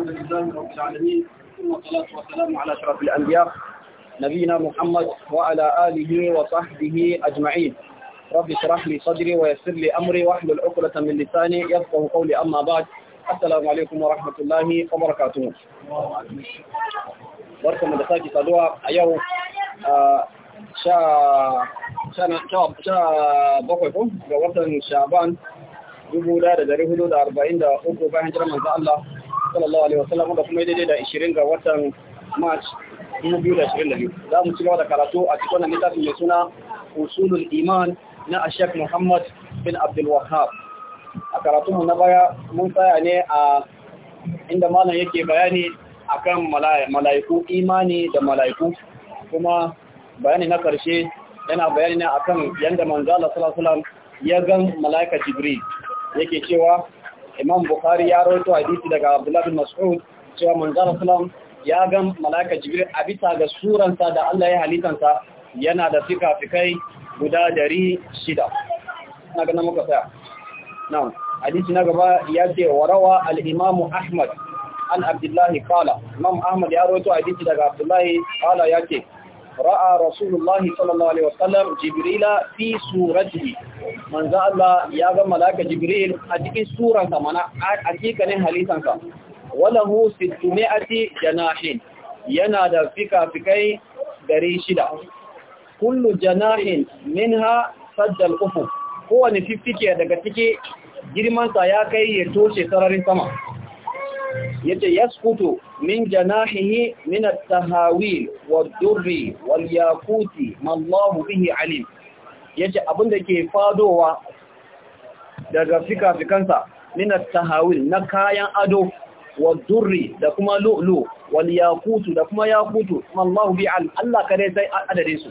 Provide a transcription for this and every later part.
الحمد لله رب العالمين ثم الصلاة والسلام على أشرف الأنبياء نبينا محمد وعلى آله وصحبه أجمعين رب اشرح لي صدري ويسر لي أمري واحلل عقدة من لساني يفقه قولي أما بعد السلام عليكم ورحمة الله وبركاته barkan da sake saduwa a شا شا شا ko ga watan shaban dubu da dari hudu أربعين دا أوكو uku bayan الله sallallahu alaihi wasallam da kuma daidai da 20 ga watan March 2022 za mu ci gaba da karatu a cikin wannan littafin mai suna usulul iman na Sheikh Muhammad bin Abdul Wahhab a karatu mu na baya mun tsaya ne a inda malam yake bayani akan mala'iku imani da mala'iku kuma bayani na karshe yana bayani ne akan yanda manzo Allah sallallahu alaihi wasallam ya ga mala'ika Jibril yake cewa imam bukhari ya rawaito hadisi daga Abdullahi bin mas'ud cewa manzon sallam ya ga malaka jibril a bisa ga suransa da Allah ya halitansa yana da fikafikai guda dari shida na muka tsaya na'am hadisi na gaba ya ce warawa al-imam ahmad an abdullahi qala imam ahmad ya rawaito hadisi daga abdullahi qala yake ra'a rasulullahi sallallahu alaihi wasallam jibrila fi suratihi manzo Allah ya ga malaka Jibril a cikin suran ta mana hakikanin halitan sa wala hu sittumi'ati janahin yana da fika-fikai gari shida kullu janahin minha saddal ufu kowane fifike daga ciki girman sa ya kai ya toshe sararin sama yace yaskutu min janahihi min at-tahawil wad-durri wal-yaquti ma Allahu bihi alim ya ce abinda ke fadowa daga fika-fikansa nina tahawil na kayan ado wa durri da kuma lo'lo wal yakutu da kuma yakutu mallahu bi al Allah kare sai adade su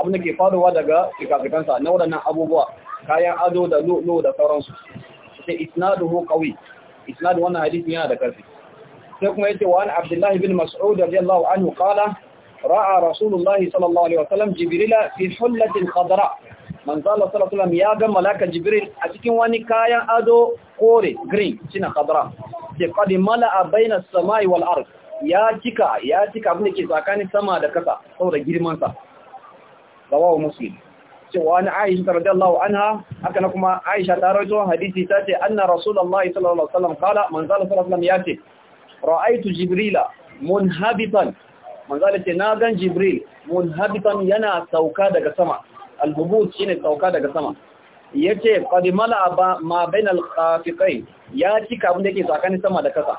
abinda ke fadowa daga fika-fikansa na waɗannan abubuwa kayan ado da lo'lo da sauransu sai isnaduhu qawi isnadu wannan hadisi yana da karfi sai kuma yace wa an abdullahi bin mas'ud radiyallahu anhu qala ra'a rasulullahi sallallahu alaihi wasallam jibrila fi hullatin khadra manzo Allah ya ga malaka jibril a cikin wani kayan ado kore green cina khadra ce qad mala'a baina as-sama'i wal ard ya cika ya tsakanin sama da kasa saboda girman sa rawahu muslim cewa na Aisha radiyallahu anha haka na kuma Aisha ta hadisi ta ce anna rasulullahi sallallahu alaihi wasallam kala manzo Allah sallallahu ya ce jibrila munhabitan manzala ce na gan jibril munhabitan yana sauka daga sama alhubut shine sauka daga sama yace qad mala'a ma bainal khafiqain ya cika abin da yake tsakanin sama da kasa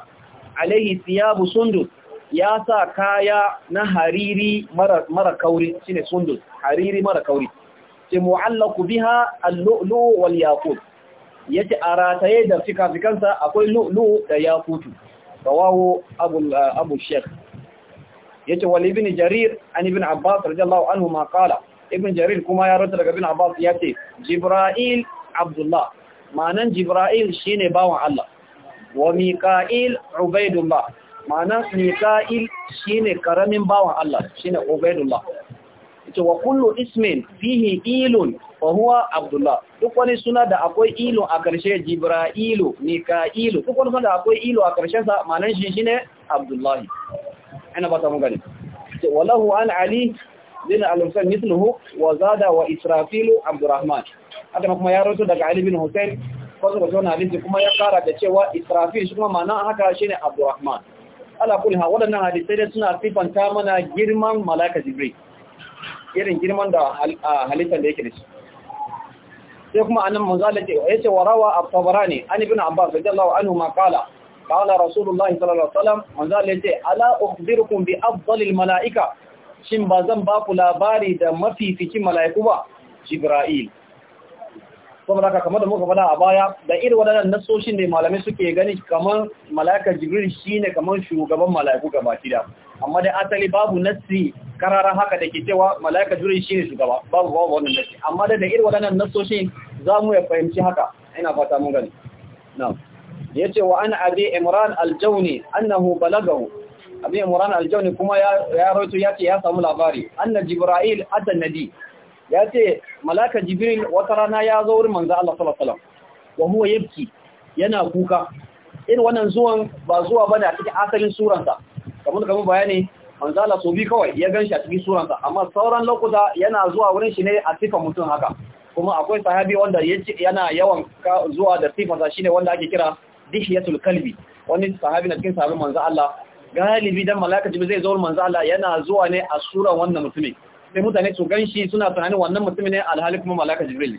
alaihi thiyabu sundus ya sa kaya na hariri mara kauri shine sundus hariri mara kauri ce muhallaku biha al-lu'lu wal yaqut yace a rataye da fikafikansa akwai lu'lu da yaqut rawahu abu abu sheikh yace wal ibn jarir an ibn abbas radiyallahu anhu ma qala ibn jarir kuma ya rawaita daga ibn abbas yace jibril abdullah ma'anan jibril shine bawan Allah wa mika'il ubaidullah ma'anan mika'il shine karamin bawan Allah shine ubaidullah yace wa kullu ismin fihi ilun wa huwa abdullah duk wani suna da akwai ilo a karshe jibra'ilu mika'ilu duk wani suna da akwai ilo a ƙarshen sa manan shi shine abdullahi ana ba ta mun gani walahu an ali bin al-husayn mithluhu wa zada wa israfil abdurrahman haka kuma ya rawaito daga ali bin husayn kuma da zuwa hadisi kuma ya kara da cewa israfil shi kuma ma'ana haka shine abdurrahman ala kulli ha wadannan hadisai da suna ta mana girman malaka jibril irin girman da halittar da yake da shi sai kuma annan manzo Allah ya ce wa rawa at-tabarani an ibn abbas radiyallahu anhu ma qala qala rasulullahi sallallahu alaihi wasallam manzo Allah yace ala ukhbirukum bi afdalil malaika shin ba zan ba ku labari da mafificin mala'iku ba جبرائيل kuma da kamar da muka fada a baya da irin waɗannan nasoshin da malamai suke gani kamar malaka jibril shine kamar shugaban mala'iku gaba kida amma da asali babu nasi karara haka da ke cewa malaka jibril shine shugaba babu babu wannan nasi. amma dai da irin waɗannan nasoshin za mu ya fahimci haka ina fata mun gani na'am ya ce wa an abi imran al annahu balagahu abi imran al kuma ya ya ce ya samu labari anna jibril atan nabi ce malaka jibril wata rana ya zo wurin manzo Allah sallallahu wa huwa yabki yana kuka in wannan zuwan ba zuwa bane a cikin asalin suransa kamar kamar bayani manzo Allah so kawai ya ganshi a cikin suransa amma sauran lokuta yana zuwa wurin shi ne a cikin mutum haka kuma akwai sahabi wanda yana yawan zuwa da sifansa shine wanda ake kira dihiyatul kalbi wani sahabi na cikin sahabin manzo Allah galibi dan malaka jibril zai zo manzo Allah yana zuwa ne a suran wannan mutumin sai mutane su ganshi suna tunanin wannan mutumin ne alhali kuma malaka jibril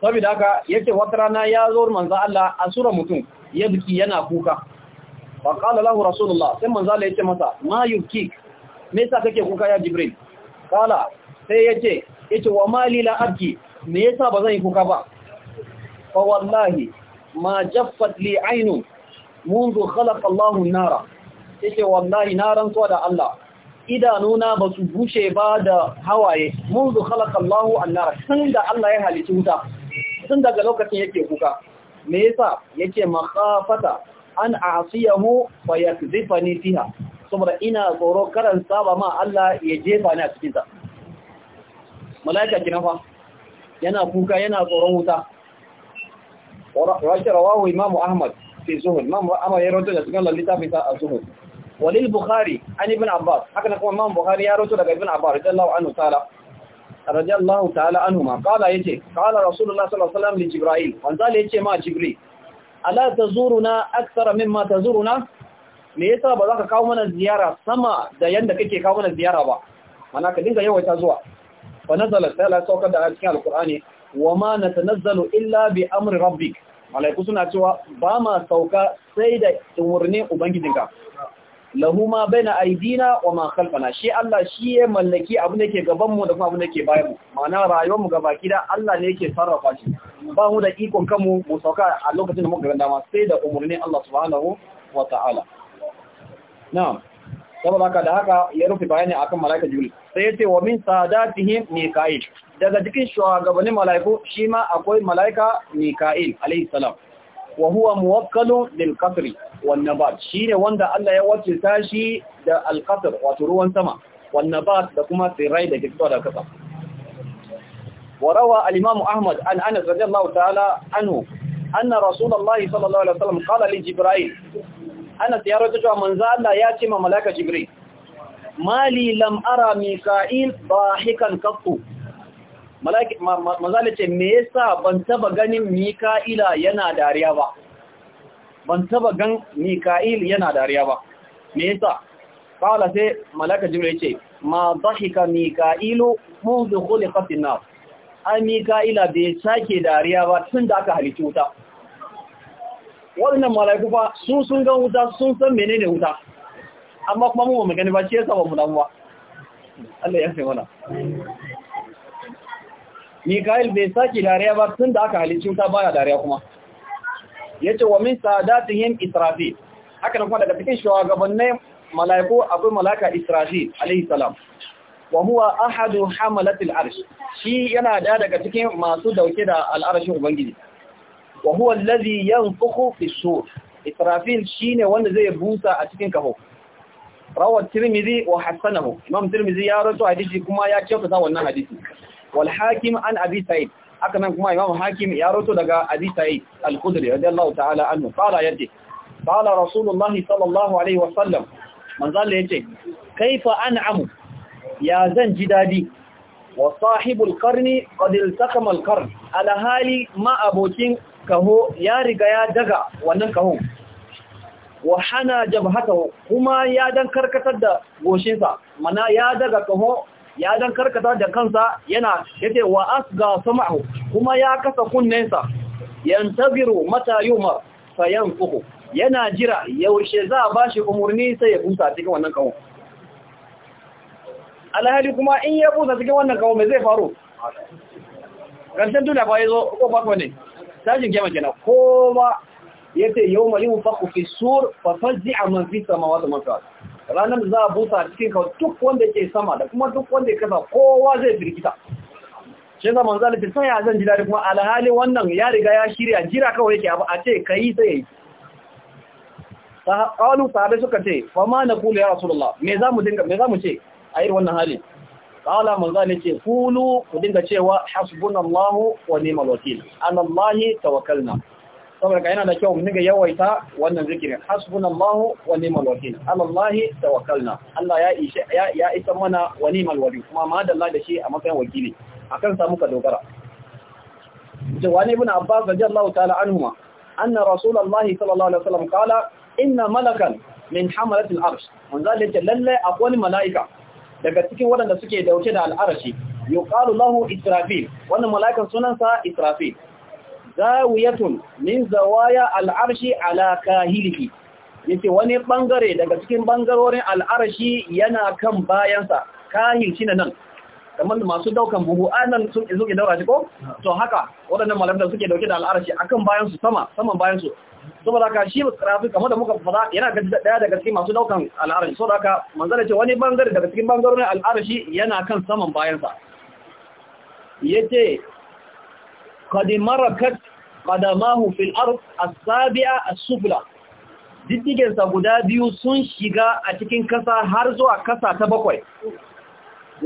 saboda haka yake wata rana ya zo manzo Allah a suran mutum ya biki yana kuka fa qala lahu rasulullah sai manzo Allah yace masa ma yuki me yasa kake kuka ya jibril kala sai yace yace wa mali la abki me yasa bazan yi kuka ba fa wallahi ma jaffat li ainun منذ خلق الله النار yake wallahi naran rantsuwa da Allah idanuna ba su bushe ba da hawaye منذ خلق an nara. tunda Allah ya halici wuta Tunda daga lokacin yake kuka me yasa yake makhafata an a'siyahu fa yakzifani fiha saboda ina tsoro karan saba ma Allah ya jefa ni a cikin ta malaika kina fa yana kuka yana tsoron wuta wace rawahu imam ahmad fi zuhud imam ahmad ya rawaito da cikin lalita fi ta zuhud walil bukhari an ibn abbas haka na kuma imam bukhari ya rawaito daga ibn abbas radiyallahu anhu ta'ala radiyallahu ta'ala anhu ma qala yace qala rasulullah sallallahu alaihi wasallam li jibril wanda yace ma jibril ala tazuruna me yasa ba za ka kawo mana ziyara sama da yanda kake kawo mana ziyara ba mana ka dinga yawaita zuwa fa nazala sai Allah saukar da cikin alqur'ani wa ma natanazzalu illa bi amri rabbik malaiku suna cewa ba ma sauka sai da umarnin ubangijinka Lahuma ma baina aidina wa ma khalfana shi Allah shi ya mallaki abin da ke gaban mu da kuma abin da ke bayan mu ma'ana rayuwar mu gabaki da Allah ne yake sarrafa shi ba mu da ikon kanmu mu sauka a lokacin da muka ga dama sai da umarnin Allah subhanahu wa ta'ala na'am saboda haka da haka ya rufe bayani akan malaika jibril sai ya ce wa min sadatihim mika'il daga cikin shugabannin mala'iku shi ma akwai mala'ika mika'il alayhi salam wa huwa muwakkalun lil qatri wan nabat shine wanda Allah ya wakilta tashi da al qatr wato ruwan sama wan nabat da kuma tsirrai da ke da daga kasa wa rawa al imam ahmad an anas radiyallahu ta'ala anhu anna rasulullahi sallallahu alaihi wasallam qala li jibril anas ya rawaito manzo Allah ya ce ma mala'ika jibril mali lam ara mika'il dahikan qattu malaki ce me yasa ban taba ganin mika'ila yana dariya ba ban taba gan mika'il yana dariya ba me yasa kala sai malaka jibril yace ma dahika mika'ilu منذ خلقت ai mika'ila bai sake dariya ba tun da aka halitta wuta Wannan mala'iku fa sun sun ga wuta sun san menene wuta amma kuma mu magani ba shi yasa ba mu damuwa Allah ya mana Mikael bai saki dariya ba tun da aka halicci ta baya dariya kuma yace wa min sadatihim israfi haka nan kuma daga cikin shugabannin malaiku abu malaka israfil alaihi salam wa huwa ahadu hamalatil arsh shi yana da daga cikin masu dauke da al'arshin ubangiji wa huwa allazi yanfukhu fi sur israfil shine wanda zai busa a cikin kaho rawar tirmizi wa Hassanahu. imam tirmizi ya rawaito hadisi kuma ya kyautata wannan hadisi wal hakim an abi sa'id haka nan kuma imam hakim ya rawaito daga abi sa'id al-khudri radiyallahu ta'ala anhu qala yati qala rasulullah sallallahu alaihi wa sallam manzal yace kaifa an'amu ya zan ji dadi wa sahibul qarni qad iltaqama al-qarn ala hali ma abokin kaho ya riga ya daga wannan kahon wa hana jabhatahu kuma ya dan karkatar da goshinsa mana ya daga kaho ya dan karkatar da kansa yana yace wa asga sama'u kuma ya kasa kunnensa yantabiru mata yuma fayanfuhu yana jira yaushe za a bashi umurni sai ya busa cikin wannan kaho alhali kuma in ya busa cikin wannan kaho me zai faru karshen duniya ba ya zo ko ba ko ne jin kema kenan ko ba yace yawma fakhu fi sur fa faz'a man fi samawati man fi ranar za a busa cikin ka duk wanda ke sama da kuma duk wanda ya kasa kowa zai firgita shi da manzo Allah sai ya zan ji kuma alhali wannan ya riga ya shirya jira kawai yake abu a ce kai sai yayi qalu sahabe suka ce fa ma naqulu ya rasulullah me za mu dinga me za mu ce a irin wannan hali qala manzo ne ce qulu ku dinga cewa hasbunallahu wa ni'mal wakeel anallahi tawakkalna saboda yana da kyau mu ga yawaita wannan zikirin hasbunallahu wa ni'mal wakeel alallahi tawakkalna Allah ya ishe ya isa mana wa ni'mal wakeel kuma madalla da shi a matsayin wakili akan sa muka dogara jawani ibn abbas radiyallahu ta'ala anhuma anna rasulullahi sallallahu alaihi wasallam qala inna malakan min hamalatil arsh manzo lallai lalle akwai malaika daga cikin waɗanda suke dauke da al'arashi yuqalu lahu israfil wannan mala'ikan sunansa israfil zawiyatun min zawaya al'arshi ala kahilihi yace wani bangare daga cikin bangarorin al'arshi yana kan bayansa kahil shine nan kamar masu daukan buhu anan sun izo ke daura shi ko to haka waɗannan malamin suke dauke da al'arshi akan bayansu sama saman bayansu saboda ka shi rafi kamar da muka fada yana daya daga cikin masu daukan al'arashi saboda ka manzara ce wani bangare daga cikin bangarorin al'arashi yana kan saman bayansa yace قد مركت قدماه في ard as-sabi'a as-sufla diddigensa guda biyu sun shiga cikin kasa har zuwa kasa ta bakwai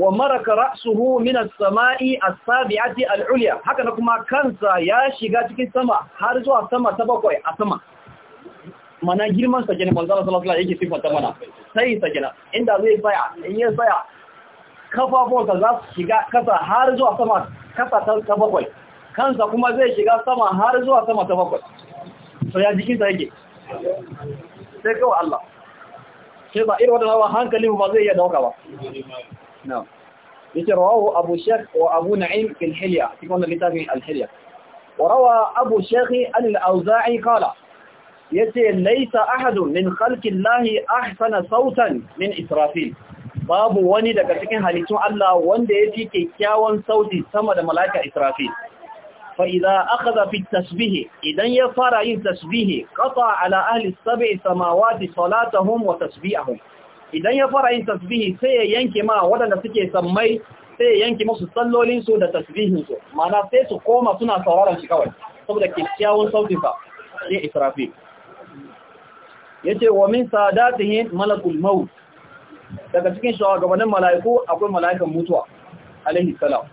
wa maraka ra'suhu min as-sama'i as-sabi'ati al-ulya haka na kuma kansa ya shiga cikin sama har zuwa sama ta bakwai a sama mana girman sa kenan manzo sallallahu alaihi yake sifanta mana sai sa kenan inda zai tsaya in ya tsaya kafafuwansa za su shiga kasa har zuwa sama kasa ta bakwai kansa kuma zai shiga sama har zuwa sama ta bakwai to ya jikinsa yake sai kawai Allah sai ba irin wadannan hankali ba zai iya dauka ba na yace rawahu abu shaykh wa abu na'im fil hilya fi wannan littafin al hilya wa rawa abu shaykh an al auza'i qala yace laysa ahadun min khalqi llahi ahsana sautan min israfil babu wani daga cikin halittun Allah wanda ya fi kyakkyawan sauti sama da mala'ika Israfil فإذا أخذ بالتسبيح إذن يفار ين تسبيح قطع على أهل السبع سماوات صلاتهم وتسبيحهم إذن يفار ين تسبيح سيينك ما ودن سكي سمي سيينك مصر صلو لنسو دا تسبيحنسو معنى سيسو قوما سنة صورا شكوان saboda kyakkyawan sautinsa sai israfi ya ce wa min sadatihin malakul maut daga cikin shawagabannin mala'iku akwai mala'ikan mutuwa alaihi salam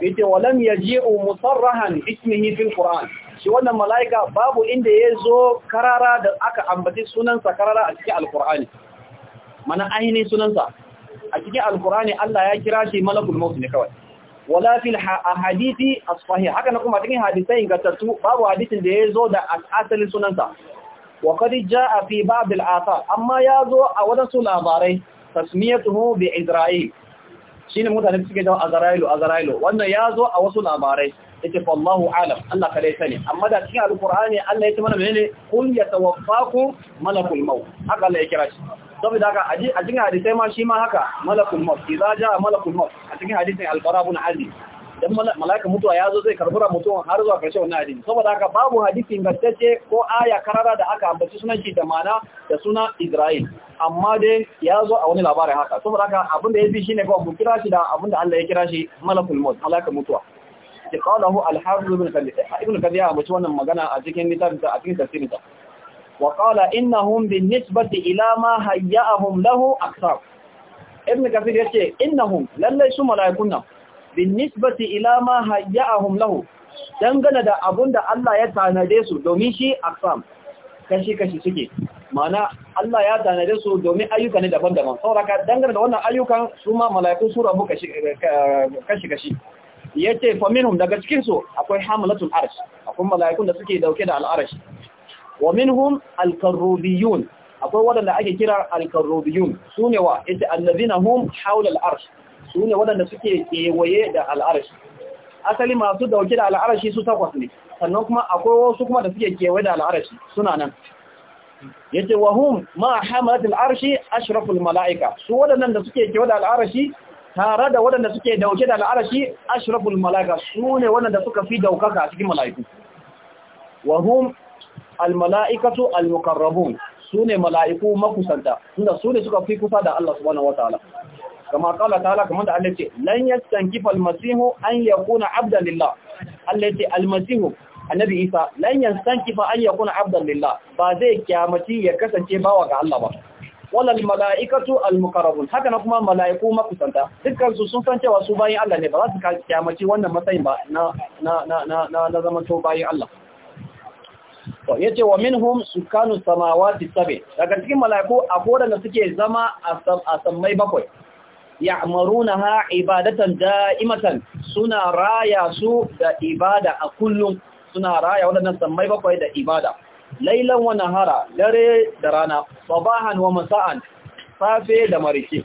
yace walam yaji'u musarrahan ismihi fil qur'an shi wannan malaika babu inda zo karara da aka ambaci sunansa karara a cikin alqur'ani mana sunansa a cikin alqur'ani Allah ya kira shi malakul maut ne kawai wala fil ahadithi as haka na kuma cikin hadisai ingantattu babu hadisin da ya zo da asalin sunansa wa qad jaa fi ba'd al-athar amma yazo a wadansu labarai tasmiyatuhu bi izra'il shine mutane suke jawo azrailu azrailu wannan ya zo a wasu labarai yace wallahu alam Allah kada sani amma da cikin alkurani Allah yace mana menene kul yatawaffaku malakul maut haka Allah ya kira shi saboda haka a cikin hadisi ma shi ma haka malakul maut idza jaa malakul maut a cikin hadisin al-qarabun azim dan malaka mutuwa ya zo zai karbura mutuwan har zuwa karshe wannan hadisi saboda haka babu hadisi ingantacce ko aya karara da aka ambaci sunan shi da mana da suna Isra'il amma dai ya zo a wani labarin haka saboda haka abin da ya fi shine ko mu kira shi da abin da Allah ya kira shi malakul maut malaka mutuwa ki hu al-hafiz ibn kathir ibn kathir ya ambaci wannan magana a cikin littafin a cikin tafsirin sa wa qala innahum bin nisbati ila ma hayya'ahum lahu aktsar ibn kathir yace innahum lallai su mala'ikun nan bin nisbati ila ma a lahu dangane da abunda Allah ya tanade su domin shi aqsam kashi kashi suke mana Allah ya tanade su domin ayyuka ne daban-daban sauraka dangane da wannan ayyukan su ma mala'iku kashi kashi kashi yace fa daga cikin su akwai hamalatul arsh akwai mala'ikun da suke dauke da al'arsh wa minhum al akwai waɗanda ake kira al Su sune wa ita allazina hum haulal al-arsh su ne waɗanda suke kewaye da al'arashi asali masu dauke da al'arashi su takwas ne sannan kuma akwai wasu kuma da suke kewaye da al'arashi suna nan Ya ce, hum ma hamalat al'arshi ashraful mala'ika su waɗannan da suke kewaye da al'arashi tare da waɗanda suke dauke da al'arashi ashraful mala'ika su ne waɗanda suka fi daukaka a cikin mala'iku wa almala'ikatu al mala'ikatu al muqarrabun su ne mala'iku makusanta tunda su ne suka fi kusa da Allah subhanahu Ta'ala. kama kala ta'ala kamar da Allah ce lan yastankifa almasihu an yakuna abdan lillah Allah ce almasihu annabi Isa lan yastankifa an yakuna abdan lillah ba zai kyamaci ya kasance bawa ga Allah ba walal mala'ikatu al haka na kuma mala'iku makusanta dukkan su sun san cewa su bayin Allah ne ba za su kiyamaci wannan matsayin ba na na na na na, zaman to bayin Allah to yace wa minhum sukanu samawati sabi daga cikin mala'iku akwai da suke zama a sammai bakwai yamaruna ibadatan da'imatan suna raya su da ibada a kullum suna raya wadannan sammai bakwai da ibada lailan wa nahara dare da rana sabahan wa masa'an safe da marike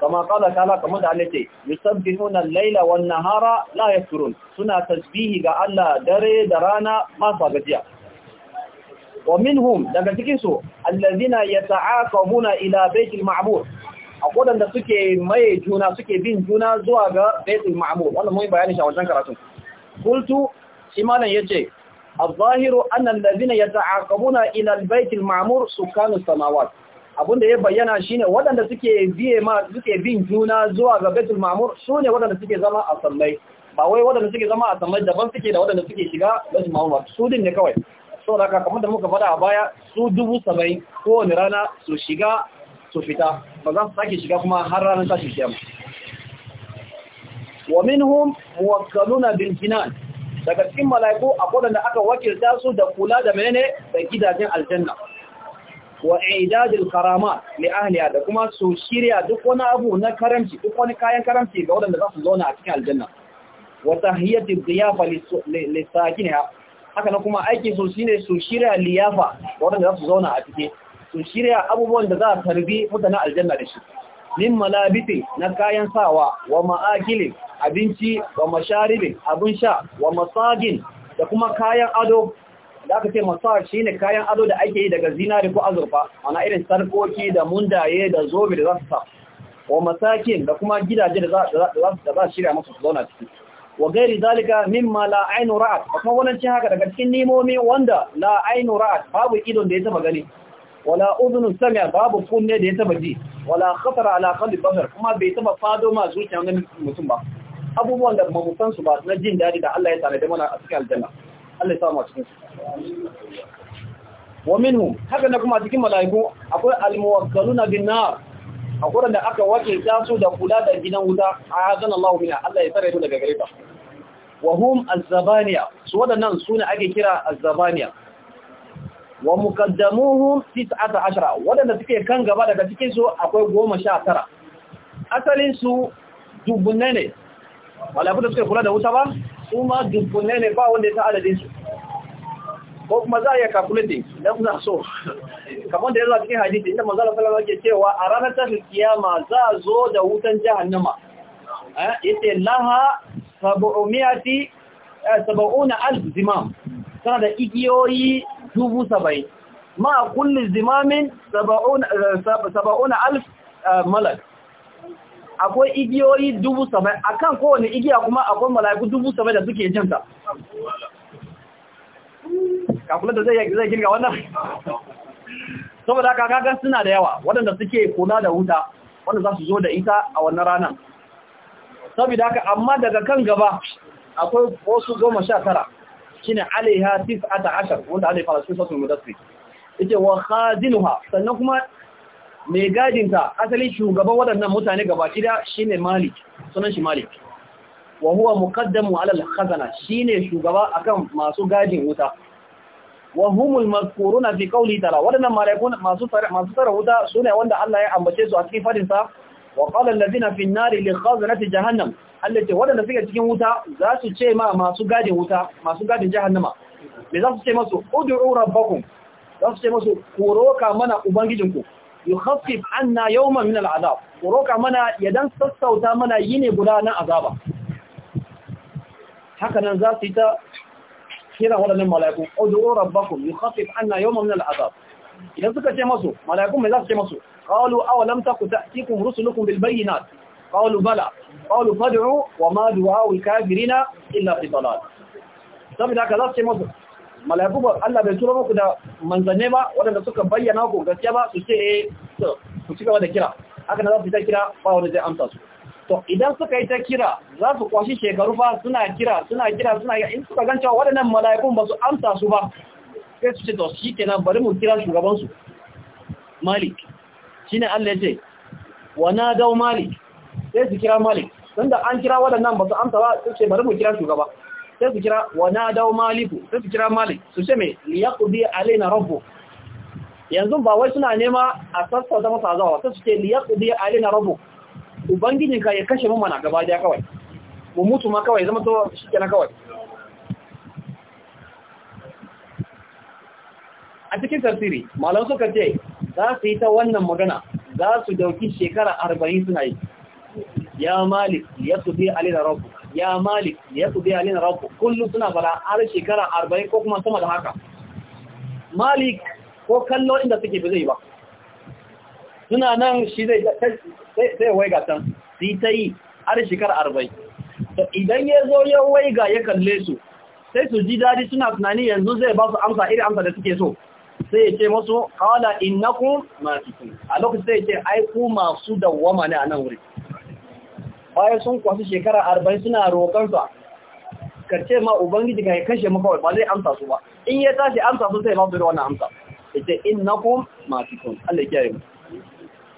kama kala kala kamar da Allah ce yusabbihuna al-laila wan nahara la yafturun suna tasbihi ga Allah dare da rana ba sa gajiya wa minhum daga cikin su allazina yata'aqabuna ila baitil ma'bud a suke maye juna suke bin juna zuwa ga baitul ma'mur wannan mun bayani shi a wajen karatu kultu shi yace al-zahiru anna alladhina yata'aqabuna ila al-baitil ma'mur sukanu samawat abunda ya bayyana shine wadanda suke biye ma suke bin juna zuwa ga baitul ma'mur sune wadanda suke zama a sallai ba wai wadanda suke zama a sallai daban suke da wadanda suke shiga baitul ma'mur su din ne kawai so da kamar da muka faɗa a baya su dubu saba'in kowane rana su shiga su fita ba za su sake shiga kuma har ranar tashin kiyama wa minhum muwakkaluna bil jinan daga cikin malaiku akwai da aka wakilta su da kula da menene da gidajen aljanna wa i'dadil karama li Ahliya da kuma su shirya duk wani abu na karamci duk wani kayan karamci ga wadanda za su zauna a cikin aljanna wa tahiyatu diyafa lisakinha haka na kuma aiki su shine su shirya liyafa wadanda za su zauna a cikin su shirya abubuwan da za a tarbi mutane aljanna da shi min malabiti na kayan sawa wa ma'akilin abinci wa masharibin abin sha wa masagin da kuma kayan ado da aka ce masar shi ne kayan ado da ake yi daga zinari ko azurfa ana irin sarkoki da mundaye da zobe da za su sa wa masakin da kuma gidaje da za su shirya masu zauna ciki wa gairi zalika ma la ainu ra'at kuma wannan haka daga cikin nimomi wanda la ainu babu idon da ya taba gani wala udhun sami'a babu kunne da ya taba ji wala khatar ala qalbi basar kuma bai taba fado ma zuciya wani mutum ba abubuwan da mu san su ba na jin dadi da Allah ya tsare da mana a cikin aljanna Allah ya sa mu a cikin su wa minhum haka na kuma cikin malaiku akwai almuwakkaluna bin nar akwai da aka wake ta su da kula da gidan wuta azan Allah mina Allah ya tsare mu daga gare ta wa hum az-zabaniya su wadannan suna ake kira az-zabaniya wa muqaddamuhum 19 wadanda suke kan gaba daga cikin su akwai 19 asalin su dubunne ne wala bude suke kula da wuta ba kuma ma dubunne ne ba wanda ya ta adadin su ko kuma za a iya calculating kuma so kamar da ya cikin hadisi inda manzo Allah sallallahu alaihi cewa a ranar ta kiyama za a zo da wutan jahannama eh yace laha 700 70000 eh, zimam sana da igiyoyi dubu saba'in ma kulli zimamin saba'una alif eh, malak akwai igiyoyi dubu saba'in kan kowane igiya kuma akwai mala'iku dubu saba'in da suke jinta kakula da zai girga wannan saboda haka kagan suna da yawa waɗanda suke kula da wuta wanda za su zo da ita a wannan ranar saboda haka amma daga kan gaba akwai wasu goma sha tara shine alaiha tis'ata ashar wanda alai fara cikin sautul mudassir yace wa khazinuha sannan kuma mai gadinta asalin shugaban waɗannan mutane gabaki da shine malik sunan shi malik wa huwa muqaddamu ala al-khazana shine shugaba akan masu gadin wuta wa humul mazkuruna fi qawli tala waɗannan malaikun masu tsara wuta sune wanda Allah ya ambace su a cikin fadin sa wa qala allazina fi an-nari li khazanati jahannam allati wadanda suke cikin wuta za su ce ma masu gadin wuta masu gadin jahannama me za su ce masu ud'u rabbakum za su ce masu ku roka mana ubangijinku na yau ma min al'azab ku roka mana ya dan sassauta mana yini guda na azaba haka nan za su yi ta kira waɗannan mala'iku ud'u rabbakum na yau ma min al'azab idan suka ce masu mala'ikun mai za su ce masu ƙawalu aw lam ku ta'tikum rusulukun bil na, ƙawalu bala ƙawalu fadu'u, wa ma du'a'u kafirina illa fi dalal saboda haka za su ce masu mala'iku ba Allah bai tura muku da manzanne ba waɗanda suka bayyana ku gaskiya ba su ce eh ku ci gaba da kira haka na za su ta kira ba wani zai amsa su to idan suka yi ta kira za su kwashi shekaru fa suna kira suna kira suna in suka gan cewa waɗannan mala'ikun ba su amsa su ba sai su ce to shi kenan bari mu kira shugabansu malik shi ne allah ya ce wa na dau malik sai su kira malik da an kira waɗannan ba su amsa ba su ce bari mu kira shugaba sai su kira wa na dau maliku sai su kira malik su ce mai liyaqdi alaina rabbu yanzu ba wai suna nema a sassauta masa azawa sai su ce liyaqdi alaina rabbu ubangijinka ya kashe mu mana gaba daya kawai mu mutu ma kawai zama to shikenan kawai a cikin tafsiri malam suka ce za su yi ta wannan magana za su dauki shekara arba'in suna yi ya malik ya su bi alina rabu ya malik ya su bi alina rabu kullum suna fara har shekara arba'in ko kuma sama da haka malik ko kallo inda suke bi zai ba suna nan shi zai wai ga can su yi ta yi har shekara arba'in idan ya zo ya wai ga ya kalle su sai su ji dadi suna tunani yanzu zai ba su amsa iri amsa da suke so sai ya ce masu kawala innakun masu a lokacin sai ya ce aiku masu dawama ne a nan wuri bayan sun kwasu shekara arba'in suna roƙonsa karce ma ubangiji ga ya kashe makawai ba zai amsa su ba in ya tashi amsa su sai masu na amsa ya ce innakun masu kun allah kiyaye mu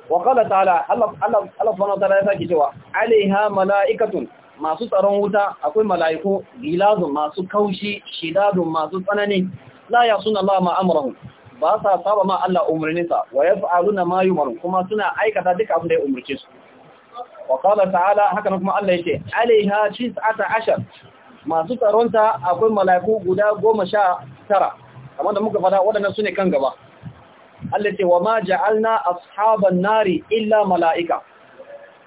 wa kala ta'ala allah ta ta'ala ya sake cewa alaiha mala'ikatun masu tsaron wuta akwai mala'iku gilazun masu kaushi shidadun masu tsanani la ya suna Allah ma'amurahu ba sa saba ma Allah umarninsa wa yaf'aluna ma yumaru kuma suna aikata duk abin da ya umarci su wa qala ta'ala haka kuma Allah yake alaiha ashar. masu tsaronta akwai mala'iku guda goma sha tara, kamar da muka fada waɗannan sune kan gaba Allah ce wa ma ja'alna ashaban nari illa mala'ika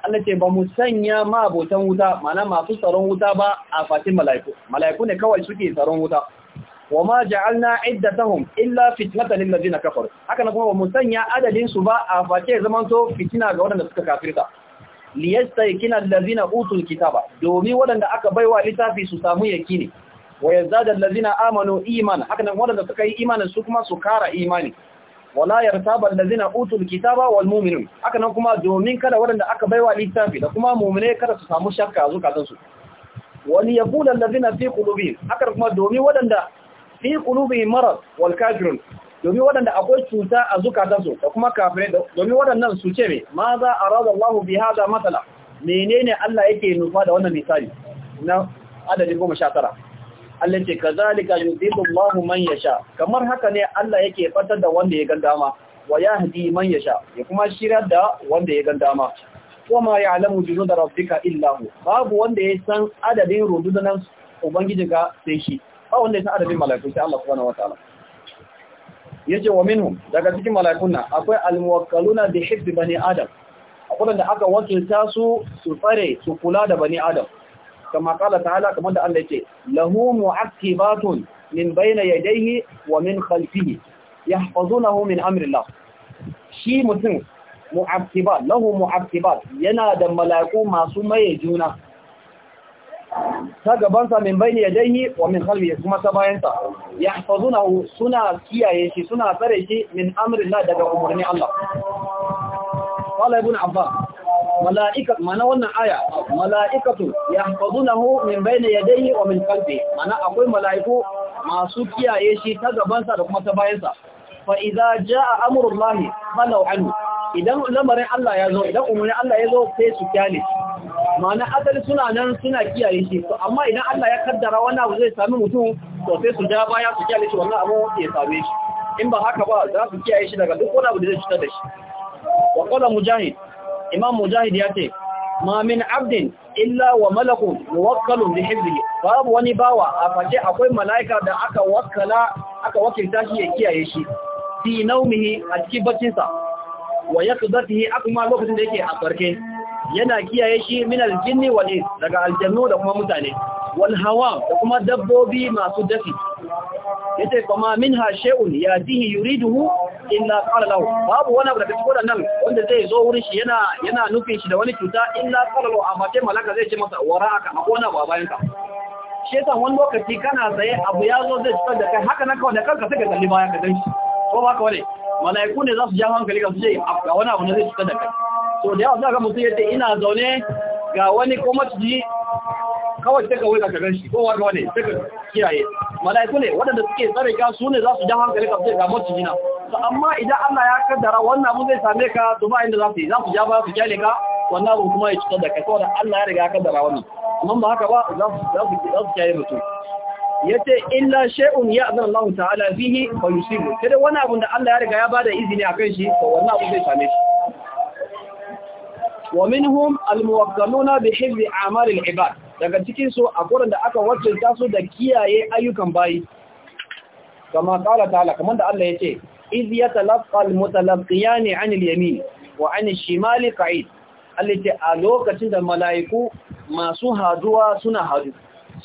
Allah ce ba mu sanya ma abotan wuta mana masu tsaron wuta ba a fatin mala'iku mala'iku ne kawai suke tsaron wuta wa ma ja'alna iddatahum illa fitnatan lil ladina kafaru haka na kuma ba mu sanya adadin ba a face zaman fitina ga waɗanda suka kafirta liyastaykina allazina utul kitaba domin waɗanda aka baiwa littafi su samu yakini wa yazada allazina amanu Iman, hakan nan waɗanda suka yi imanin su kuma su kara imani wala yartaba allazina utul kitaba wal mu'minun hakan kuma domin kada waɗanda aka baiwa littafi da kuma mu'mine kada su samu shakka a zukatansu wani yaqulu allazina fi qulubihim hakan kuma domin waɗanda fi kulubi marar wal domin waɗanda akwai cuta a zukatansu da kuma kafirai domin waɗannan su ce me ma za a rada Allah bi haza matsala menene Allah yake nufa da wannan misali na adadin goma sha tara Allah ce ka zalika yuzibu Allah man yasha kamar haka ne Allah yake fatar da wanda ya gandama wa yahdi man yasha ya kuma shirar da wanda ya gandama kuma ya alamu junuda rabbika illa hu babu wanda ya san adadin rundunan ubangijinka sai shi ba wanda ya adadin mala'iku sai Allah subhanahu wataala yace wa minhum daga cikin mala'ikun nan akwai almuwakkaluna bi hifzi bani adam akwai da aka wakilta su su tsare su kula da bani adam kama kala ta'ala kamar da Allah yace lahu mu'aqibatun min bayna yadayhi wa min khalfihi yahfazunahu min amrillah shi mutum mu'aqibat lahu mu'aqibat yana da mala'iku masu maye juna ta gabansa min bai ya dai wa min khalfihi kuma ta bayansa yahfazunahu suna kiyaye shi suna tsare shi min na daga umarni Allah qala ibn Abba, mala'ikatu mana wannan aya mala'ikatu hu min ya dai wa min khalfihi mana akwai mala'iku masu kiyaye shi ta gabansa da kuma ta bayansa fa idza jaa amrullahi falau anhu idan lamarin Allah ya zo idan umarnin Allah ya zo sai su kyale mana asali suna nan suna kiyaye shi to amma idan Allah ya kaddara wani abu zai sami mutum to sai su ja baya su kiyaye shi wannan abu ya same shi in ba haka ba za su kiyaye shi daga duk wani abu da zai cutar da shi wa qala mujahid imam mujahid ya ce ma min abdin illa wa malakun muwakkalun bi hifzihi babu wani bawa a face akwai malaika da aka wakkala aka wakilta shi ya kiyaye shi fi naumihi a cikin baccinsa wa yaqdatihi akuma lokacin da yake a farke yana kiyaye shi min aljinni wal ins daga aljannu da kuma mutane Wani hawa da kuma dabbobi masu dafi yace kuma minha shay'un yadihi yuriduhu illa qala lahu babu wani abu da cikin wanda zai zo wurin shi yana nufin shi da wani cuta illa qala amma sai malaka zai ce masa wara akwai wani abu a bayan ka shi wani lokaci kana tsaye abu ya zo zai cutar da kai haka nan kawai da kanka sai ka bayan ka dan shi ko ba ka mana mala'iku ne za su ja hankali ka su ce a wani abu na zai cuta da kai so da yawa za ka mutum yadda ina zaune ga wani ko maciji kawai ta kawai ka gan shi ko wani wani ta kiyaye mala'iku ne waɗanda suke tsare ka su ne za su ja hankali ka su ce ga maciji na amma idan Allah ya kaddara wannan abu zai same ka to ba inda za su yi za su ja ba su kyale ka wannan abu kuma ya cutar da kai saboda Allah ya riga ya kaddara wannan amma ba haka ba za su kyaye mutum yace illa shay'un azan Allah ta'ala fihi fa yusibu kada wani abun da Allah ya riga ya bada izini akan shi to wannan abun zai same shi wa minhum almuwakkaluna bi hifzi a'mal al'ibad ibad daga cikin su a akwai da aka ta su da kiyaye ayyukan bayi kama qala ta'ala kaman da Allah ya ce iz yatalaqqa al-mutalaqiyani 'an al-yamin wa 'an al-shimali qa'id allati a lokacin da mala'iku masu haduwa suna haduwa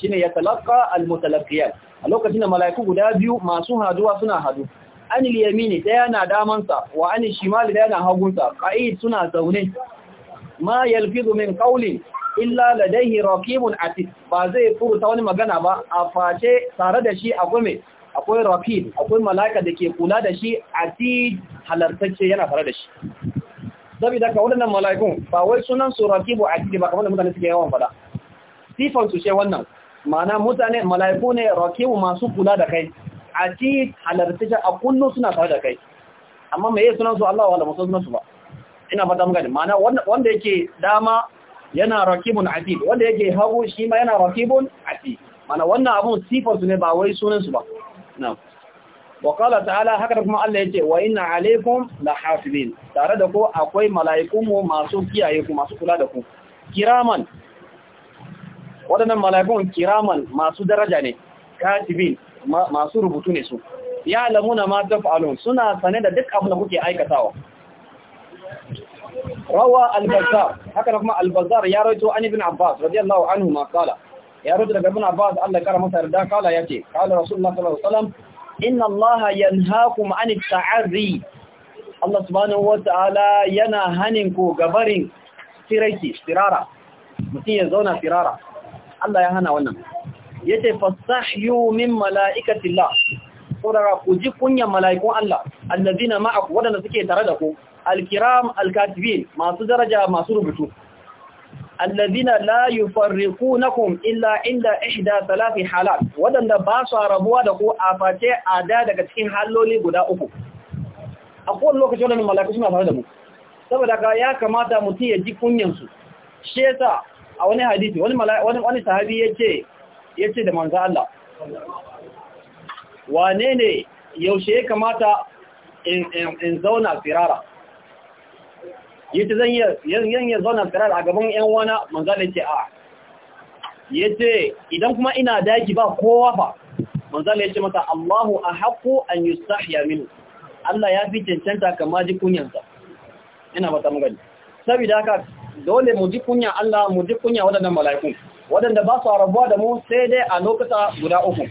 shine ya al almutalaqqiyan a lokacin da mala'iku guda biyu masu haduwa suna hadu anil yamini daya na damansa wa anil shimali daya na hagunsa qa'id suna zaune ma yalfizu min qawlin illa ladayhi raqibun atid ba zai furta wani magana ba a face tare da shi akwai me akwai raqib akwai mala'ika dake kula da shi atid halartacce yana tare da shi saboda ka waɗannan mala'ikun ba wai sunan su raqibu atid ba kamar da mutane suke yawan fada sifan su ce wannan ma'ana mutane mala'iku ne rakibu masu kula da kai a ci halarci a kullu suna tare da kai amma mai yi sunan su Allah wa musu sunan su ba ina fata mun gani ma'ana wanda yake dama yana rakibun atid wanda yake hagu shi ma yana rakibun atid mana wannan abun sifar su ne ba wai sunan su ba na wa kala ta'ala haka kuma Allah ya ce, wa inna la lahafizin tare da ko akwai mala'iku masu kiyaye ku masu kula da ku kiraman waɗannan mala'ikun kiraman masu daraja ne katibin masu rubutu ne su ya lamuna ma taf'alun suna sane da duk abin da kuke aikatawa rawa al-bazzar haka kuma al-bazzar ya rawaito an ibn abbas radiyallahu anhu ma qala ya rawaito daga ibn abbas Allah ya karama sa da kala yace kala rasulullah sallallahu alaihi wasallam inna allaha yanhaakum an at-ta'arri Allah subhanahu wa ta'ala yana hanin ku gabarin tiraki tirara mutum ya zauna tirara Allah ya hana wannan yace fasahyu min Allah saboda ku ji kunyan malaikun Allah allazina aku wadanda suke tare da ku alkiram alkatibin masu daraja masu rubutu allazina la yufarriqunakum illa inda ihda thalathi halat wadanda ba su rabuwa da ku a face a da daga cikin halloli guda uku Akwai lokacin wannan mala'ikun suna tare da mu saboda ka ya kamata mutum ya ji kunyan su sheta a wani hadisi wani sahabi yace yace da manzo Allah wane ne yaushe ya kamata in zauna firara yace zan yi zauna firara a gaban yan wana manzo Allah yace a yace idan kuma ina daki ba kowa fa manzo Allah yace mata Allahu ahqqu an yustahya minhu Allah ya fi cancanta kamar jikunyansa ina mata magana sabida haka dole mu ji kunya Allah mu ji kunya waɗannan mala'iku waɗanda ba su rabuwa da mu sai dai a lokuta guda uku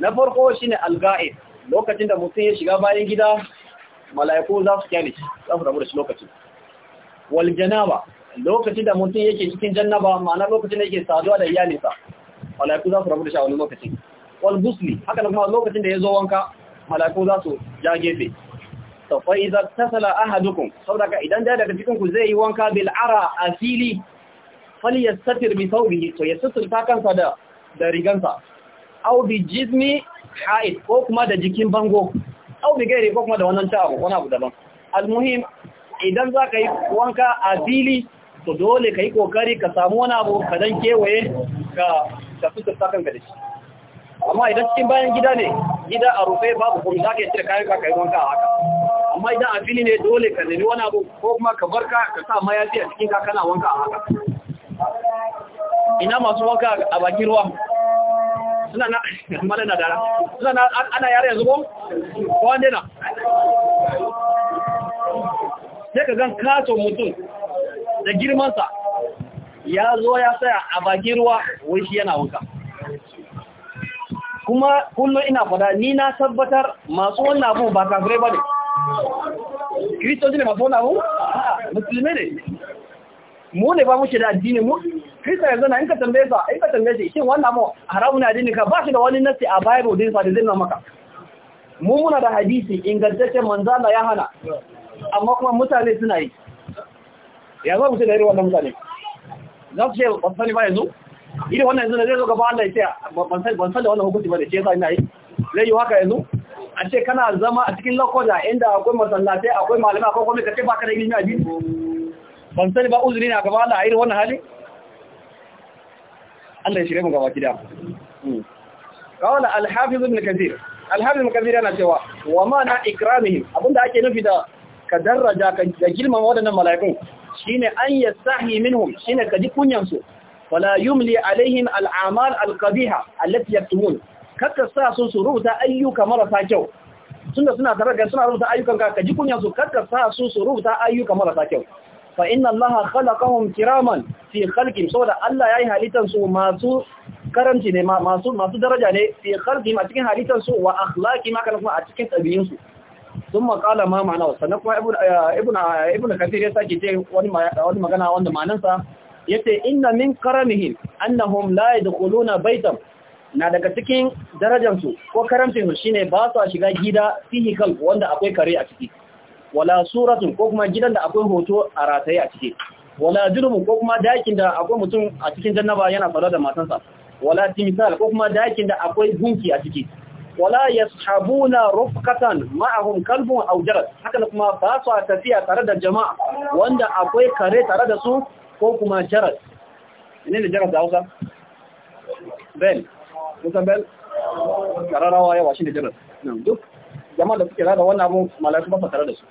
na farko shine alga'id lokacin da mutum ya shiga bayan gida mala'iku za su kyale shi za su rabu da shi lokacin wal janaba lokacin da mutum yake cikin jannaba ma'ana lokacin da yake saduwa da iyalinsa mala'iku za su rabu da shi a wani lokacin wal gusli haka kuma lokacin da ya zo wanka mala'iku za su ja gefe to fa idza tasala ahadukum saboda idan da daga cikin ku zai yi wanka bil ara asili falyastatir bi thawbihi to ya sutunta kansa da da rigansa aw bi jismi ha'id ko kuma da jikin bango aw bi gairi ko kuma da wannan tawo wani abu daban almuhim idan za ka yi wanka asili to dole ka yi kokari ka samu wani abu ka dan kewaye ka ka sutunta kanka da shi amma idan cikin bayan gida ne gida a rufe babu kuma za ka yi cire kayan ka kai wanka a haka amma idan a fili ne dole ka nemi wani abu ko kuma ka barka ka sa mayafi a cikin kana wanka a haka ina masu wanka a bakin ruwa suna na malar na dara suna na ana yare yanzu ko ko wanda na sai ka gan kato mutum da girmansa ya zo ya tsaya a bakin ruwa wai shi yana wanka kuma kullum ina fada ni na tabbatar masu wannan abu ba kafirai ba ne kiristoci ne masu wani musulmi ne mu ne ba muke da addini mu kirista yanzu na in ka tambaye sa in ka tambaye shi shin wannan mu haramu na addini ka ba shi da wani nasi a bible din sa da zai na maka mu muna da hadisi ingantaccen manzana ya hana amma kuma mutane suna yi ya za mu ce da irin wannan mutane za su ce ban sani ba yanzu irin wannan yanzu ne zai zo gaba Allah ya ce ban san da wannan hukunci ba da ce yasa ina yi zai yi haka yanzu a ce kana zama a cikin lokoja inda akwai masallatai akwai malama akwai kuma kace baka da ilimi a biyu ban sani ba uzuri na gaba Allah a irin wannan hali Allah ya shirye mu gaba gida qala al-hafiz ibn kathir al-hafiz ibn yana cewa wa ma na ikramihim abinda ake nufi da ka daraja ka gilma waɗannan mala'iku shine an yastahi minhum shine ka ji kunyan wala yumli alaihim al-a'mal al-qabiha allati yaktumun kakka sa su su rubuta ayyuka marasa kyau tunda suna tare da suna rubuta ayyukan ka kaji kunya su kakka sa su su rubuta ayyuka marasa kyau fa inna allaha khalaqahum kiraman fi khalqihim saboda Allah yayi halitan su masu karanci ne masu masu daraja ne fi khalqihim a cikin halitan su wa ma kana kuma a cikin tabiyin su thumma qala ma ma'ana sannan kuma ibnu eh, ibnu eh, ibnu kathir ya saki ce wani wani magana wanda manansa yace inna min karamihim annahum la yadkhuluna baytan na daga cikin darajansu ko karamcinsu shine ba su a shiga gida fihikal wanda akwai kare a ciki wala suratun ko kuma gidan da akwai hoto a rataye a ciki wala junubu ko kuma dakin da akwai mutum a cikin jannaba yana fara da matansa wala timisal ko kuma dakin da akwai gunki a ciki wala yashabuna rufqatan ma'ahum kalbun aw jarad haka kuma ba su tafiya tare da jama'a wanda akwai kare tare da su ko kuma jarad ne ne jarad da Hausa bel kun san bel kararrawa yawa shi ne jiran nan duk jama'a da suke rada wannan abun mala'iku ba tare da su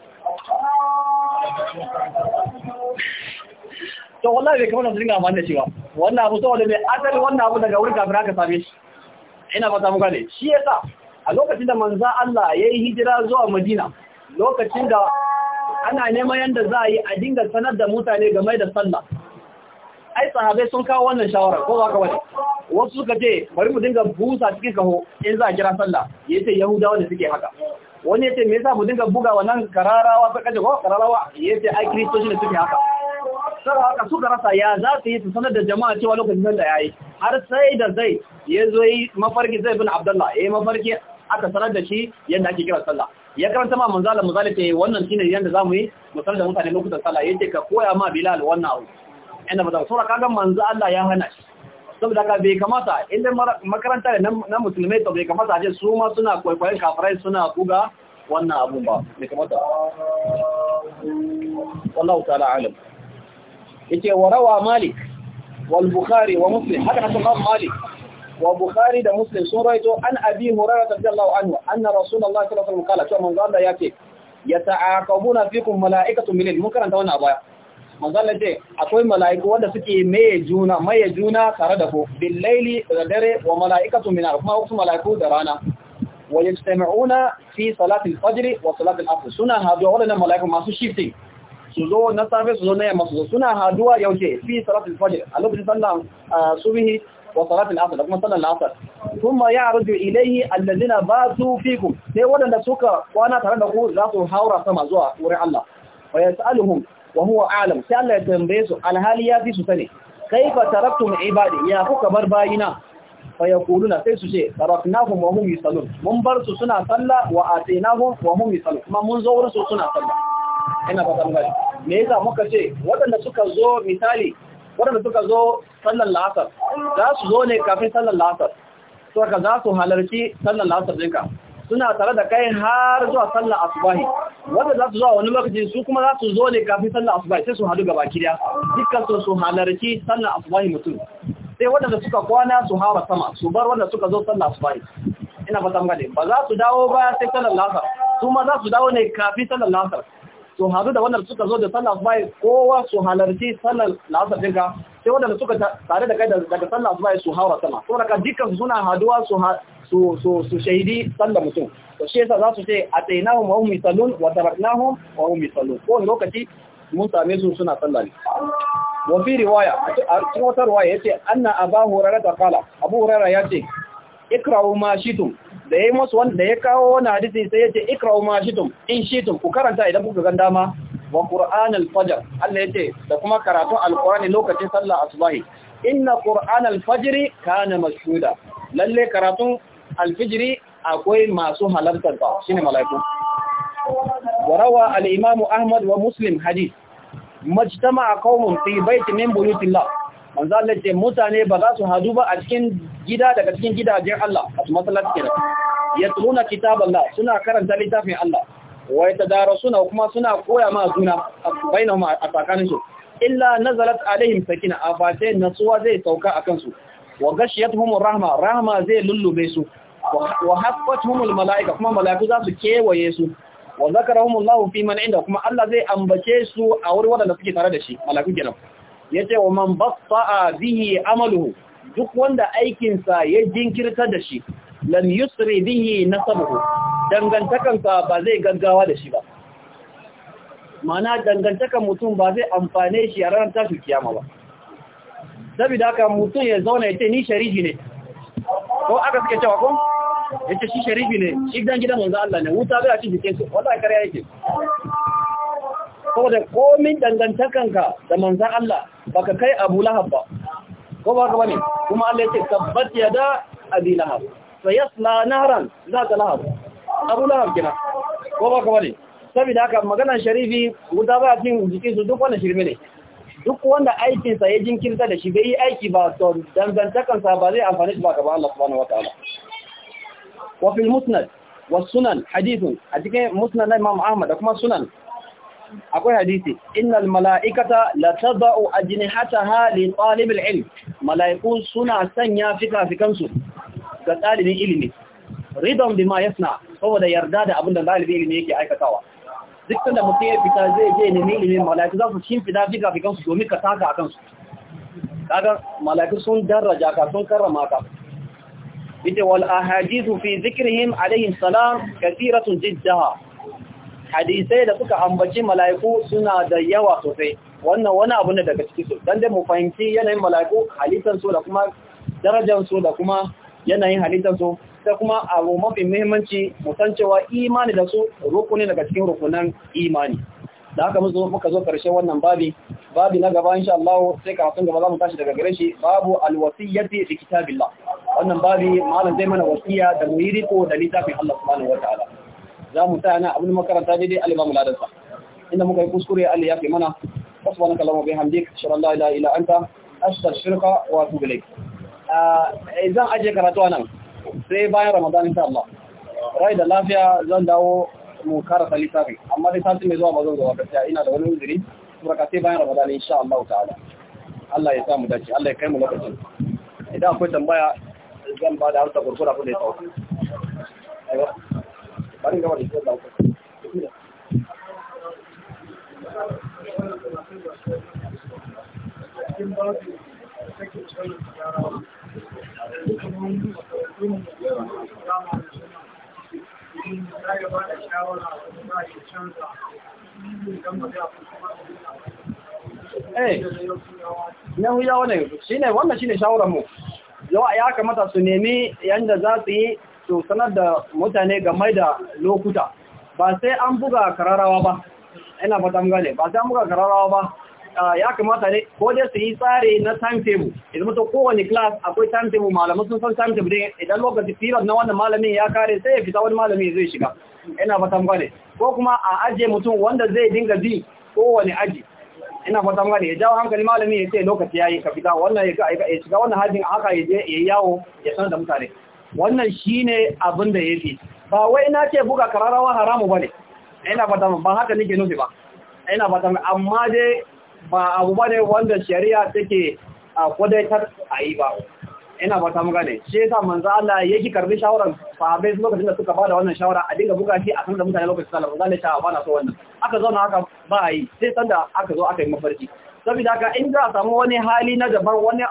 to wallahi bai kamar da dinga amfani da cewa wannan abu saboda mai asali wannan abu daga wurin kafin aka same shi ina fata muka ne shi ya sa a lokacin da manza Allah ya yi hijira zuwa Madina lokacin da ana neman yadda za a yi a dinga sanar da mutane game da sallah ai sahabai sun kawo wannan shawara ko ba ka wani wasu suka ce bari mu dinga busa cikin kaho in za a kira sallah ya yahudawa ne suke haka wani ya ce me yasa mu dinga buga wannan kararawa ta kaje ko kararawa ya ce ai kristoci ne suke haka sai haka suka rasa ya za su yi su sanar da jama'a cewa lokacin nan da yayi har sai da zai ya yi mafarki zai bin abdullah eh mafarki aka sanar da shi yadda ake kira sallah ya karanta ma manzala manzala ce wannan shine yanda zamu yi mu sanar da mutane lokutan sallah yace ka koya ma bilal wannan abu inda maza saura kaga manzo Allah ya hana shi saboda ka bai kamata inda makaranta na musulmai to bai kamata a ce su ma suna kwaikwayon kafirai suna buga wannan abun ba bai kamata wallahu ta'ala alim yace wa malik wal bukhari wa muslim haka nan imam malik wa bukhari da muslim sun raito an abi hurairah radiyallahu anhu anna rasulullahi sallallahu alaihi wasallam qala to manzo Allah yake yata'aqabuna fikum mala'ikatu min al-munkar anta wa baya manzala ce akwai mala'iku wanda suke maye juna maye juna tare da ku billaili da dare wa mala'ikatu min kuma wasu mala'iku da rana wa yajtami'una fi salatin fajiri wa salatin al suna haduwa wadannan mala'iku masu shifti. su zo na safe su zo na yamma su zo suna haduwa yaushe fi salati al-fajr a lokacin sallan subhi wa salatin al da kuma sallan al-asr thumma ya'rudu ilayhi alladhina batu fiku. sai wadanda suka kwana tare da ku za su haura sama zuwa wurin Allah wa yas'aluhum wa huwa a'lam sai Allah ya tambaye su alhali ya fi su sani kaifa taraktum ibadi ya kuka bar bayina fa yaquluna sai su ce taraknahum wa hum yusallun mun bar su suna salla wa atainahum wa hum yusallun kuma mun zo wurin su suna salla ina ba tambaya me yasa muka ce waɗanda suka zo misali waɗanda suka zo sallar la'asar za su zo ne kafin sallar la'asar to ka za su halarci sallar la'asar dinka. suna tare da kai har zuwa sallar asubahi wanda za su zuwa wani lokacin su kuma za su zo ne kafin sallar asubahi sai su hadu gaba kiriya dukkan su su halarci sallar asubahi mutum sai wadanda suka kwana su hawa sama su bar wanda suka zo sallar asubahi ina fata gane ba za su dawo ba sai sallar lasar su ma za su dawo ne kafin sallar lasar su hadu da wadanda suka zo da sallar asubahi kowa su halarci sallar lasar dinka sai wadanda suka tare da kai daga sallar asubahi su hawa sama saboda ka dukkan suna haduwa su su su su shaidi sallar mutum to shi yasa za su ce atainahum wa hum yusallun wa taraknahum wa hum yusallun ko lokaci mun same su suna sallah ne wa fi riwaya a cikin wata riwaya yace anna hurara hurairah qala abu hurairah yace ikra'u ma shitum da yayi musu wanda ya kawo wannan hadisi sai yace ikra'u ma shitum in shitum ku karanta idan kuka ga dama wa qur'an al-fajr Allah yace da kuma karatu al-qur'ani lokacin sallah asubahi inna qur'an al-fajr kana mashhuda lalle karatu alfijiri akwai masu halartar ta shine mala'iku warawa al-imam ahmad wa muslim hadith majtama'a qaumun fi baitin min buyutillah manzo ce mutane ba za su hadu ba a cikin gida daga cikin gidajen Allah a masallaci kenan yatluna kitaballah suna karanta littafin Allah wa yatadarasuna kuma suna koya ma juna bainahum a tsakaninsu illa nazalat alaihim sakina afatin nasuwa zai sauka a kansu. wa gashi ya tuhumu rahma rahma zai lullube su wa haffatuhumul mala'ika kuma mala'iku za su kewaye su wa zakarahumullahu fi man inda kuma Allah zai ambace su a wuri wanda suke tare da shi mala'iku kenan yace wa man batta'a bihi amaluhu duk wanda aikin sa ya jinkirta da shi lam yusri bihi nasabuhu sa ba zai gaggawa da shi ba mana dangantakan mutum ba zai amfane shi a ranar tashin kiyama ba Sabida haka mutum ya zauna ya ce ni shariji ne ko aka suke cewa ko yace shi sharifi ne shi dan gidan manzo Allah ne wuta zai ci jikin shi wallahi kare yake saboda komin dangantakanka da manzo Allah baka kai Abu Lahab ba ko ba ka bane kuma Allah yace tabbat yada Abi Lahab naharan za ta Lahab Abu Lahab kina ko ba ka bane saboda haka magana sharifi wuta ba cin jikin su duk wannan shirme ne duk wanda aikinsa ya jinkirta da shi bai yi aiki ba to dangantakansa ba zai amfani ba gaba Allah subhanahu wa fil musnad wa sunan hadithun a cikin musnad na Imam Ahmad da kuma sunan akwai hadisi innal mala'ikata la tadau ajnihataha li talib ilm mala'ikun suna sanya fikafikan su ga talibin ilimi ridon bima yasna saboda yarda da abin da talibin ilimi yake aikatawa duk da mutum ya fita zai je nemi ilimin malaiku za su shimfida fi gafi kansu domin ka taka a kansu kaga malaiku sun daraja ka sun karrama ka ita wal ahadithu fi zikrihim alaihim salam kathiratun jidda hadisai da suka ambaci malaiku suna da yawa sosai wannan wani abu ne daga ciki. su dan dai mu fahimci yanayin malaiku halitan su da kuma darajar su da kuma yanayin halitan su ta kuma abu mafi muhimmanci musancewa imani da su rukuni daga cikin rukunan imani da haka muzo muka zo karshe wannan babi babi na gaba insha Allah sai karatun gaba za mu tashi daga gare shi babu alwasiyyati fi kitabillah wannan babi malam zai mana wasiya da muhiri ko da littafin Allah subhanahu wataala za mu tsaya na abin makaranta daidai dai imamu ladansa inda muka yi kuskure Allah ya fi mana subhanaka allahumma bihamdik shalla la ilaha illa anta astaghfiruka wa atubu ilaik ah, eh, zan aje karatu anan sai bayan ramadan insha Allah rai da lafiya zan dawo mu karanta littafi amma dai sati mai zuwa ba zan zuwa gaskiya ina da wani uzuri ka sai bayan ramadan insha Allah ta'ala Allah ya sa mu dace Allah ya kai mu lokaci idan akwai tambaya zan ba da harsa gurgura ko da tsawo bari gaba da shi da Thank you. Eh, na huyawa ne, shi ne wannan shi ne shawararmu, ya kamata su nemi yadda za su yi su sanar da mutane game da lokuta, ba sai an buga kararrawa ba, ina fatan gane, ba sai an buga kararrawa ba, ya kamata ne ko dai su yi tsare na timetable idan mutum kowane class akwai timetable malamai sun san timetable din idan lokaci period na wannan malamin ya kare sai ya fita wani malami zai shiga ina fata mun gane ko kuma a aje mutum wanda zai dinga ji kowane aji ina fata mun gane ya jawo hankali malami ya ce lokaci yayi ka fita wannan ya ya shiga wannan hajin haka ya je ya yawo ya sanar da mutane wannan shine abin da fi ba wai na ce buga kararrawa haramu bane ina fata ba haka nake nufi ba ina fata amma dai ba abu bane wanda shari'a take a kudaitar a yi ba ina ba ta magane shi yasa manzo Allah yake karbi shawaran sahabbai lokacin da suka bada wannan shawara a dinga buga shi a san da mutane lokacin sallah manzo Allah ya ba na so wannan aka zauna haka ba yi sai sanda aka zo aka yi mafarki saboda haka in za a samu wani hali na daban wani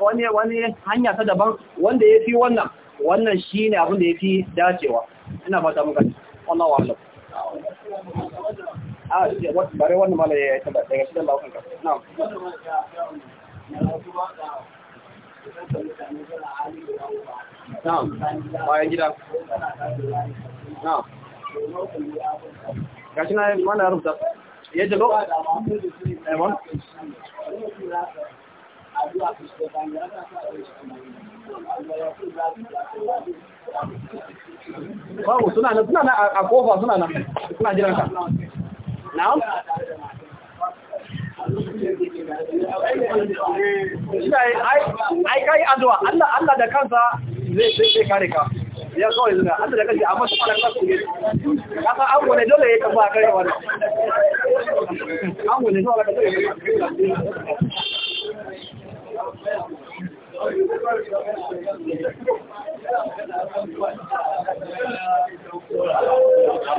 wani wani hanya ta daban wanda ya fi wannan wannan shine abin da ya fi dacewa ina ba ta magane wallahi wallahi Ah, a bare wanda mala ya yi taba daga cikin lafin ka na na bayan gida na gashi na mana ya rubuta ya jalo eh, aiwon Bawo suna nan suna nan a kofa suna nan suna jiran ka. na'am ai kai addu'a Allah Allah da kansa zai zai kare ka ya kawai Allah da kansa fara kasu ne an dole ya kafa kare wani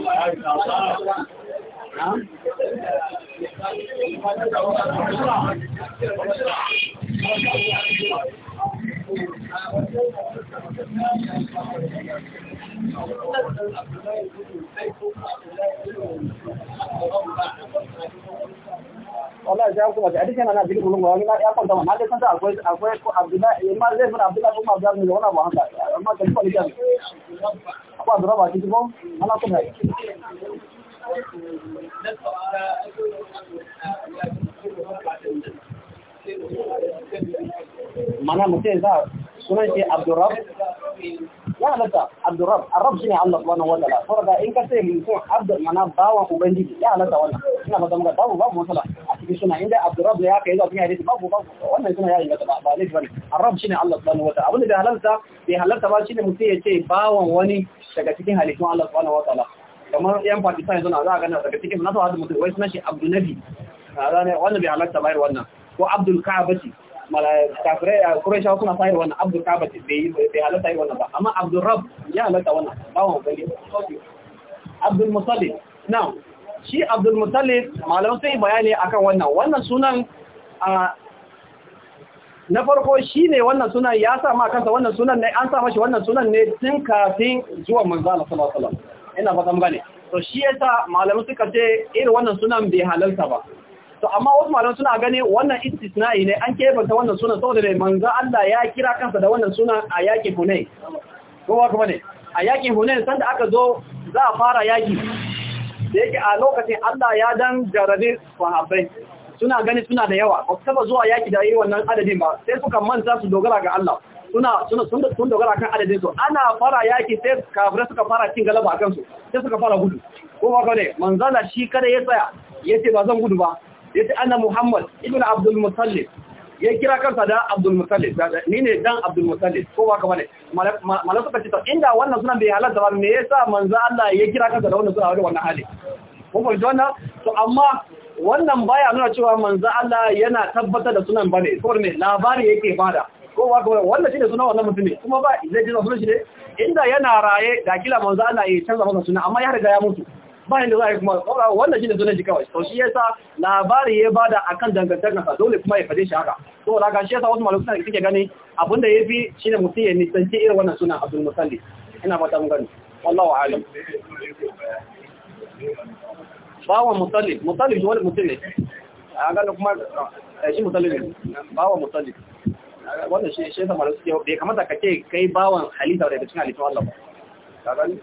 an Wallahi sai kuma da dukkan ana jikin mulun wani ya kwanta ma dai kanta akwai akwai ko Abdullahi ma zai fara Abdullahi kuma Abdullahi ne wannan Muhammad amma kan kwalitan ko Abdullahi ba shi ko ana kuma mana mutum za sunan shi abdurrab ya halatta abdurrab arab ne Allah subhanahu wa ta'ala saboda in ka sai mutum abdur mana bawan ubangiji ya halatta wannan ina zama ga babu babu matsala a cikin suna inda abdurrab ya kai zuwa cikin hadisi babu babu wannan suna ya yi mata ba ne bane arab ne Allah subhanahu wa ta'ala abinda bai halarta bai halarta ba shi ne mutum ya ce bawan wani daga cikin halittun Allah subhanahu wa ta'ala kamar yan pakistan yanzu na za a gana daga cikin nasu hadu mutum wai suna shi abdul nabi wanda bai halatta bayar wannan ko abdul kaabati kafirai kureshawa suna sayar wannan abdul kaabati bai halatta yi wannan ba amma abdul rab ya halatta wannan bawon gani abdul musallin na shi abdul musallin malam sai bayani akan wannan wannan sunan na farko shi ne wannan sunan ya sa ma kansa wannan sunan ne an sa mashi wannan sunan ne tun kafin zuwa manzo Allah sallallahu alaihi wasallam ina fatan ne to shi yasa malamu suka ce irin wannan sunan bai halalta ba to amma wasu malamu suna gane wannan istisna'i ne an kebanta wannan sunan saboda ne manzo Allah ya kira kansa da wannan sunan a yaki Ko wa kuma ne a yakin Hunain sanda aka zo za a fara yaki da yake a lokacin Allah ya dan jarabe sahabbai suna gani suna da yawa ba su taba zuwa yaki da yi wannan adadin ba sai suka manta su dogara ga Allah suna suna sun dogara kan adadin su ana fara yaki sai kafirai suka fara cin galaba kan su sai suka fara gudu ko ba ka kawai manzala shi kada ya tsaya ya ce ba zan gudu ba ya ce ana muhammad ibnu abdul musallib ya kira kansa da abdul musallib ni ne dan abdul musallib ko ba ka ba ne, malam suka ce to inda wannan sunan bai halatta ba me yasa manzo Allah ya kira kansa da wannan sunan a wannan hali ko ba wannan to amma wannan baya nuna cewa manzo Allah yana tabbatar da sunan bane saboda me labari yake bada ko ba ga wannan shine sunan wannan mutumin kuma ba zai ji sunan shi ne inda yana raye da kila manzo Allah ya canza masa suna amma ya riga ya mutu ba inda za yi kuma wannan shine sunan shi kawai to shi yasa labari ya bada akan dangantakar sa dole kuma ya fade shi haka to da ga shi yasa wasu malamai suna suke gani da yafi shine mutum ya nisanci irin wannan sunan Abdul Musalli ina fata mun gani wallahu alim bawa musalli musalli shi wani mutum ne a ganin kuma eh, shi musalli ne bawa musalli wannan shi shi sama suke bai ka ce kai bawan halitta daga cikin halittun Allah ba ka gani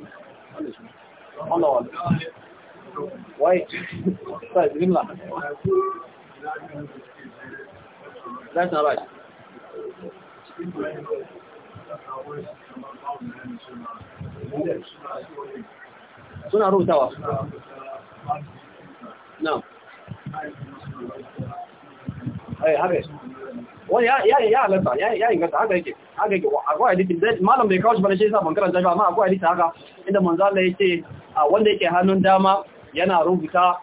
Allah wani ya halatta ya inganta haka yake haka yake akwai hadisi malam bai kawo shi bane shi yasa ban karanta shi amma akwai hadisi haka inda Manzala ya ce wanda yake hannun dama yana rubuta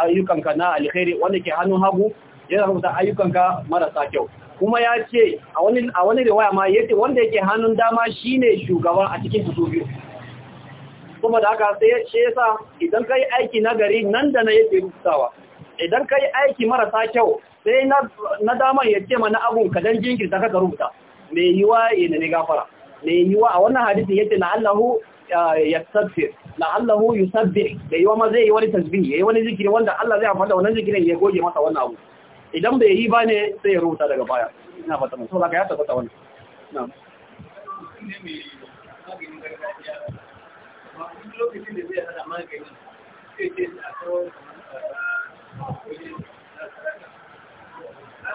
ayyukanka na alkhairi wanda yake hannun hagu yana rubuta ayyukanka marasa kyau kuma ya ce a wani a wani riwaya ma yace wanda yake hannun dama shine shugaba a cikin su biyu kuma da haka sai shi yasa idan ka yi aiki nagari nan da na yake rubutawa idan ka yi aiki marasa kyau sai na damar ya ce mana abun kadan dan jinkirta kaka rubuta mai yiwa yana eh, ne gafara mai yiwa a wannan hadisi ce na Allahu ya sabbi na Allahu yusabbi da yiwa ma zai yi wani ya yi wani zikiri wanda Allah zai amfana da wannan zikirin ya goge masa wannan abu idan bai yi ba ne sai ya rubuta daga baya ina fata mun saboda ya tabbata wannan na'am lokacin da zai hada magani sai ce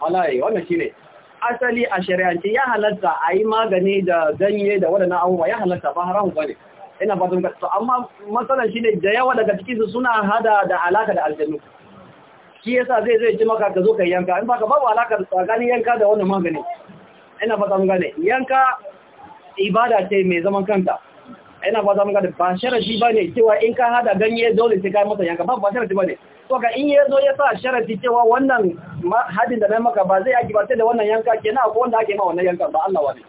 halaye wannan shi ne asali a shari'ance ya halatta a yi magani da ganye da waɗannan abubuwa ya halatta ba haramun ba ne ina fatan ka to amma matsalar shi ne da yawa daga cikinsu suna hada da alaka da aljannu shi yasa zai zai ji maka ka zo ka yanka in baka babu alaka tsakanin yanka da wannan magani ina fatan gane yanka ibada ce mai zaman kanta ina fatan gane ba sharashi bane cewa in ka hada ganye dole sai ka masa yanka ba ba sharashi bane to ka in yazo ya sa sharafi cewa wannan hadin da na maka ba zai yaki ba sai da wannan yanka kenan akwai wanda ake ma wannan yanka ba Allah wani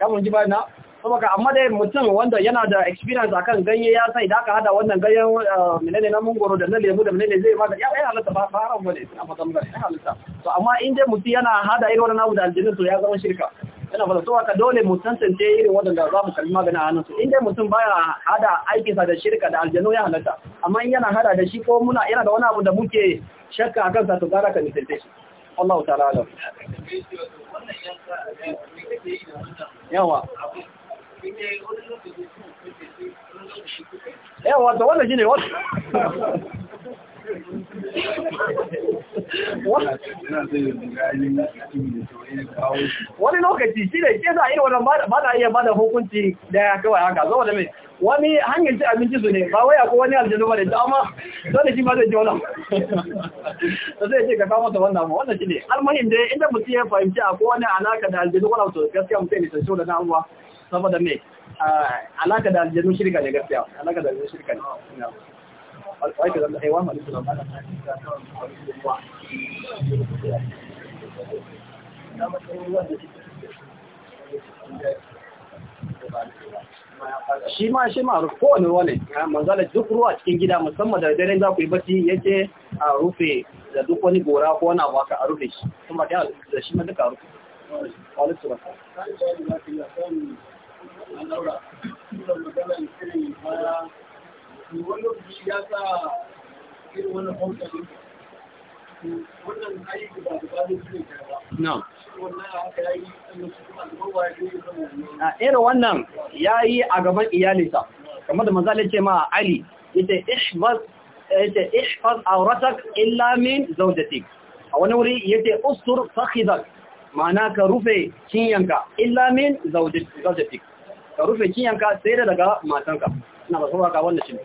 kamun ji ba na saboda amma dai mutum wanda yana da experience akan ganye ya sai da aka hada wannan ganyen eh, menene na mungoro da na lemu da menene zai ma ya ya halatta ba haram bane ina halatta to amma in dai mutum yana hada irin wannan abu da aljinnu to ya zama shirka yana fara so haka dole mu tantance irin waɗanda za mu kalli magana a hannunsu in mutum baya hada aikinsa da shirka da aljanu ya halatta amma in yana hada da shi ko muna yana da wani abu da muke shakka a kansa to gara ka nisance shi Allah ta'ala alam yawa yawa to wannan shine wasu wani lokaci shi ne ke sa irin wadda ba ta iya bada hukunci daya kawai haka saboda mai wani hanyar ci abinci su ne ba wai akwai wani aljanu ba da ta amma dole shi ba zai ji wani da zai ce ka kama ta wannan ma wannan shi ne almuhim dai inda mutum ya fahimci akwai wani alaka da aljanu wannan to gaskiya mutum ne tashi da na'uwa saboda mai ah, alaka da aljanu shirka ne gaskiya alaka da aljanu shirka ne الفائدة من الحيوان shi ma shi ma kowane ruwa ne manzala duk ruwa cikin gida musamman da daren za ku yi bacci yake a rufe da duk wani gora ko wani abu aka a rufe shi kuma da da shi ma duka a rufe wani su ba ta irin wannan ya yi a gaban iyalisa kamar da mazalin ce ma ali ita ishfaz auratak illa min zaujatik a wani wuri yace ustur fakhizak ma'ana ka rufe cinyanka illa min zaujatik ka rufe cinyanka sai da daga matanka na ba kuma ga wannan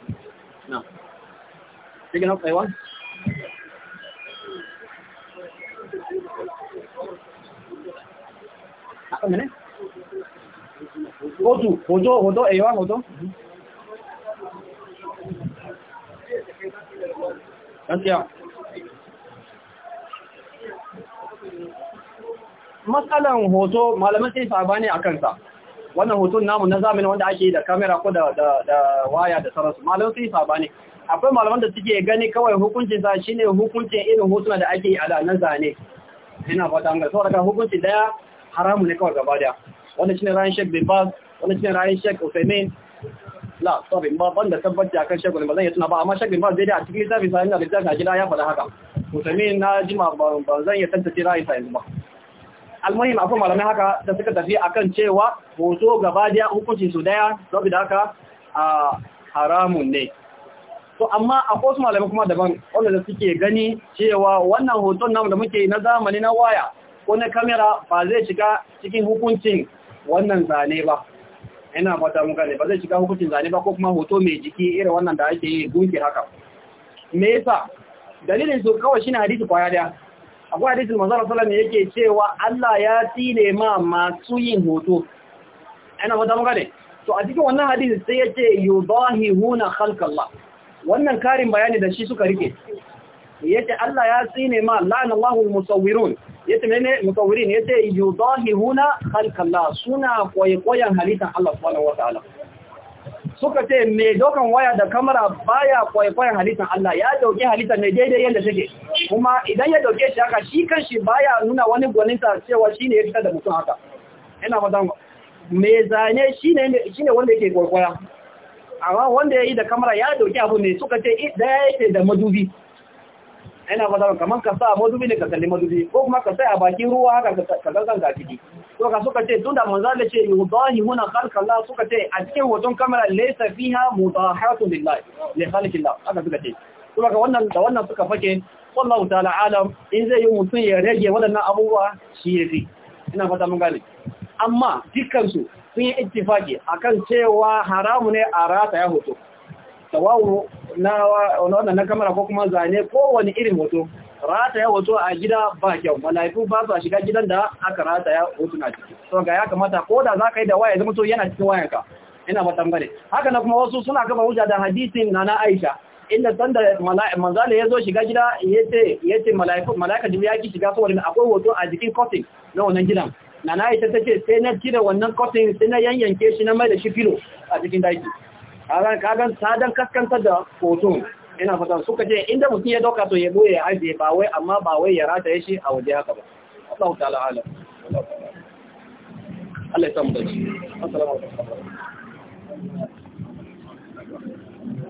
ne hoto hoto hoto aiwa matsalan hoto sai sabani a kansa wannan hoton namu na zamani wanda ake yi da kamera ko da waya da su. malam saba ne akwai malaman da suke gani kawai hukuncin sa shine hukuncin irin hotuna da ake yi a nan zane ina fata ga saboda ka hukunci daya haramu ne kawai gaba daya wannan shine ra'ayin shek Bin Baz wannan shine ra'ayin shek Uthaymeen la sorry ba banda tabbaci akan Shek Bin Baz zan yi tuna ba amma Shek Bin Baz dai a cikin lissafi sa ina da lissafi a gida ya faɗa haka Uthaymeen na jima ba zan yi tantance ra'ayin sa yanzu ba almuhim akwai malamai haka da suka tafi akan cewa hoto gaba daya hukunci su daya saboda haka a haramun ne to amma akwai wasu malamai kuma daban wanda da suke gani cewa wannan hoton namu da muke na zamani na waya ko na kamera ba zai shiga cikin hukuncin wannan zane ba ina mata muka gane ba zai shiga hukuncin zane ba ko kuma hoto mai jiki irin wannan da ake yi gunki haka me yasa dalilin su kawai shine hadisi kwaya daya akwai hadisul manzara sallam yake cewa Allah ya tile ma masu yin hoto ana wata muka ne to a cikin wannan hadisi sai yace yudahihuna khalqallah wannan karin bayani da shi suka rike ce Allah ya tsine ma la'anallahu almusawwirun yace menene musawwirin yace yudahihuna khalqallah suna koyoyan halittar Allah subhanahu wataala suka ce mai dokan waya da kamera baya koyoyan halittar Allah ya dauke halittar ne daidai yanda take kuma idan ya dauke shi haka shi kanshi baya nuna wani gwaninta cewa shine ya fita da mutum haka ina madan me zane shine shine wanda yake gwargwaya amma wanda ya yi da kamera ya dauki abu ne suka ce eh, daya yake da madubi ina madan kaman ka sa madubi ne ka kalli madubi ko kuma ka sai a bakin ruwa haka ka zangan ga ciki to ka suka ce tunda manzo da ce yudahi huna khalqallah suka ce a cikin hoton kamera laysa fiha mudahatu lillahi li khalqillah aka suka ce kuma ga wannan da wannan suka fake wallahu ta'ala alam in zai yi mutum ya rage waɗannan abubuwa shi ya fi ina fata mun gane amma dukkansu sun yi ittifaki akan cewa haramu ne a rata ya hoto tawawu na waɗannan kamera ko kuma zane kowane irin hoto rata ya hoto a gida ba kyau mala'iku ba su shiga gidan da aka rata ya hoto na ciki so ga ya kamata ko da za ka yi da waya zama to yana cikin wayanka ina fata mun gane haka na kuma wasu suna kafa hujja da hadisin na na Aisha inda sanda manzala ya zo shiga gida ya ce mala'ika jibril ya ki shiga wani akwai hoto a jikin kofin na wannan gidan na na ita ta ce sai na cire wannan kofin sai na yanyanke shi na mai da shi filo a cikin daki kagan kagan sadan kaskantar da hoton ina fata suka ce inda mutum ya doka to ya boye ya ajiye ba wai amma ba wai ya rataye shi a waje haka ba Allah ta'ala Allah ya samu da shi assalamu alaikum